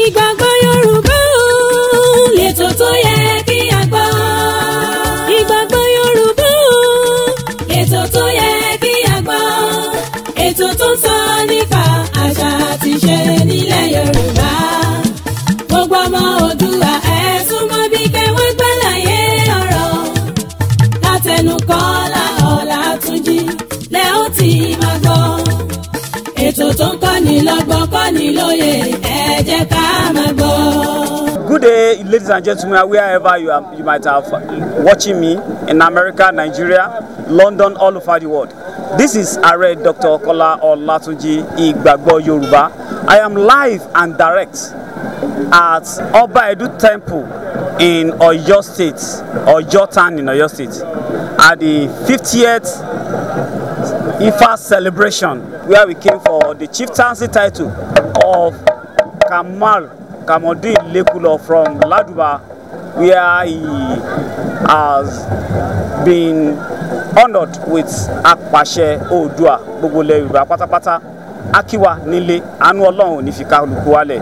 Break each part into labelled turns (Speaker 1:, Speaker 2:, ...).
Speaker 1: ìgbàgbọ́ Yorùbá ó lètò tó yẹ kí a gbọ́. ìgbàgbọ́ Yorùbá ó ètò tó yẹ kí a gbọ́. ètò tó sọ nípa àṣà àti ìṣe nílẹ̀ Yorùbá. gbogbo ọmọ Oòduà ẹ súnmọ́ bí kẹwọ́n gbàlàyé ọ̀rọ̀ látẹnu Kọ́lá Ọlátúnjí lẹ́ ó máa gbọ́. ètò tó ń kọ́ni lọ́gbọ́n kọ́ni lóye ẹ̀ jẹ́ ká máa gbọ́.
Speaker 2: Good day, ladies and gentlemen, wherever you, are, you might have uh, watching me in America, Nigeria, London, all over the world. This is Ààrẹ Dr. Kola Olatunji Igbagbo Yoruba. I am live and direct at Oba Edu Temple in Oyo State, Oyo Town in Oyo State, at the 50th Ifa celebration where we came for the chieftaincy title of Kamal Kamodin Lekulo from Laduba, where he has been honoured with apàṣẹ Oòduà gbogbo ilẹ̀ Yorùbá pátápátá akíwa nílé àánú Ọlọ́run ò fi kálukú wálẹ̀.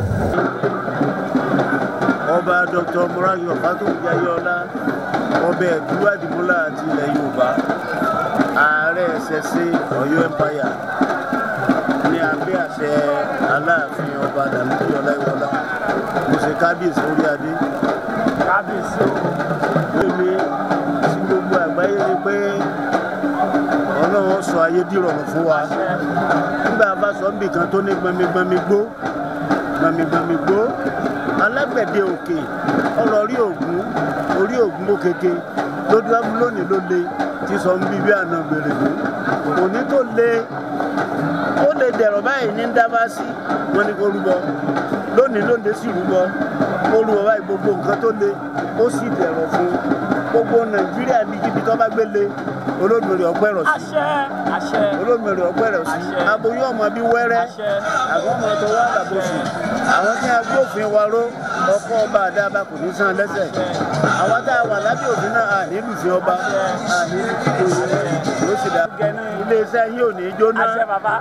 Speaker 3: ọba Dr. Morayo Fatoyi Ayọ̀ọ́lá ọba Ẹ̀dúwà Dìmúlà àti ilẹ̀ Yorùbá ààrẹ ẹ̀sẹ̀ Ọ̀yọ́ Empire ní abẹ́ àṣẹ aláàfin ọba dàmídì ọláyíwọlá mo ṣe kábíyèsí orí adé kábíyèsí lèmi sí gbogbo àgbáyé ni pé ọlọ́run sọ ayé dìrọ̀rùn fún wa nígbà bá sọ ń bìkan tó ní gbọmigbọmi gbó gbọmigbọmi gbó alágbẹ̀dẹ òkè ọ̀rọ̀ orí ògún orí ògún ló keke lójú lónìí ló le ti sọ ń bí bí àná gbèrègbè òní tó le ó lè dẹ̀rọ̀ báyìí ní dávásí wọn ni kò lónìí lóde sì rúbọ ó báyìí gbogbo nǹkan tó le ó sì dẹ̀rọ̀ fún gbogbo nàìjíríà ní ibi tó bá gbé le olódùmarè rọ̀ sí olódùmarè ọpẹ́ rọ̀ sí aboyún ọmọ bí wẹ́rẹ́ àwọn ọmọ tó wá àbòsí àwọn tí a gbófin wa ró ọkọ ọba àdáàbà kò ní sàn lẹ́sẹ̀ àwọn tá a wà lábẹ́ òfin náà à nílùú fi ọba à nílùú fi òye sì dá. iléeṣẹ́ yín ò ní í jóná. àṣẹ bàbá.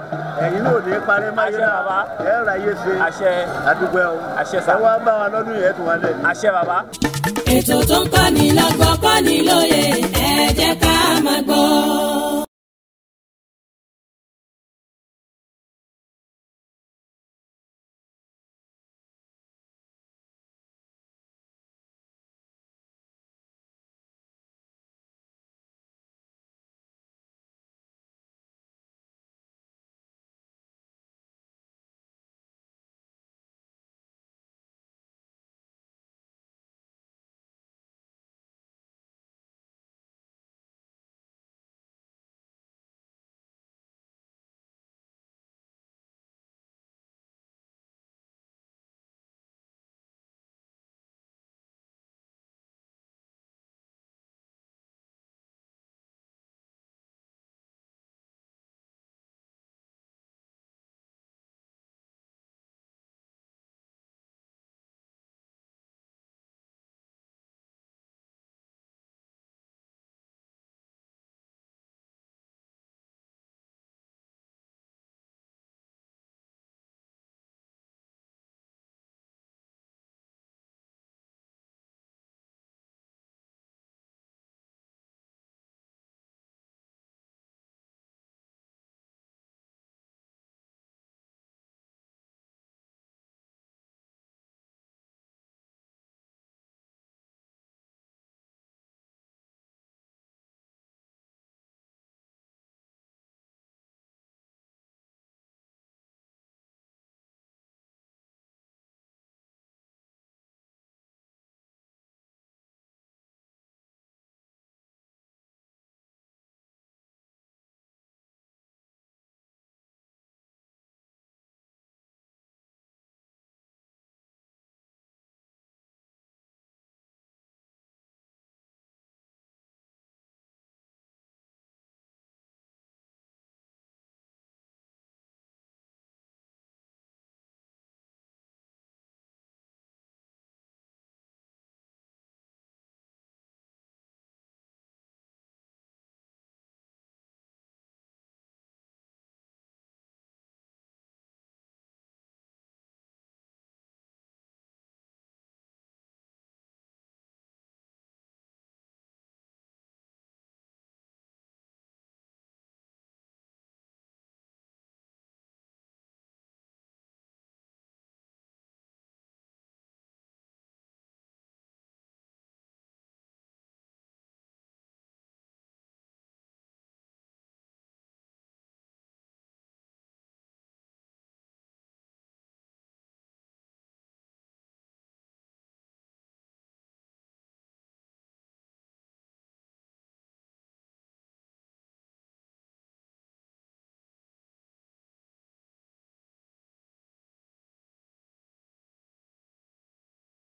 Speaker 3: ẹ̀yin ò ní í parí máyé náà. àṣẹ bàbá. ẹ ra iye ṣe. àṣẹ. àdúgbò ẹ̀hún. àṣẹ sà. ẹ wá bá wa lọ́dún yẹn tún wá lẹ̀. àṣẹ bàbá. ètò tó ń kọ́ni lọ́gbọ́n kọ́ni lóye
Speaker 1: ẹ jẹ́ ká máa gbọ́.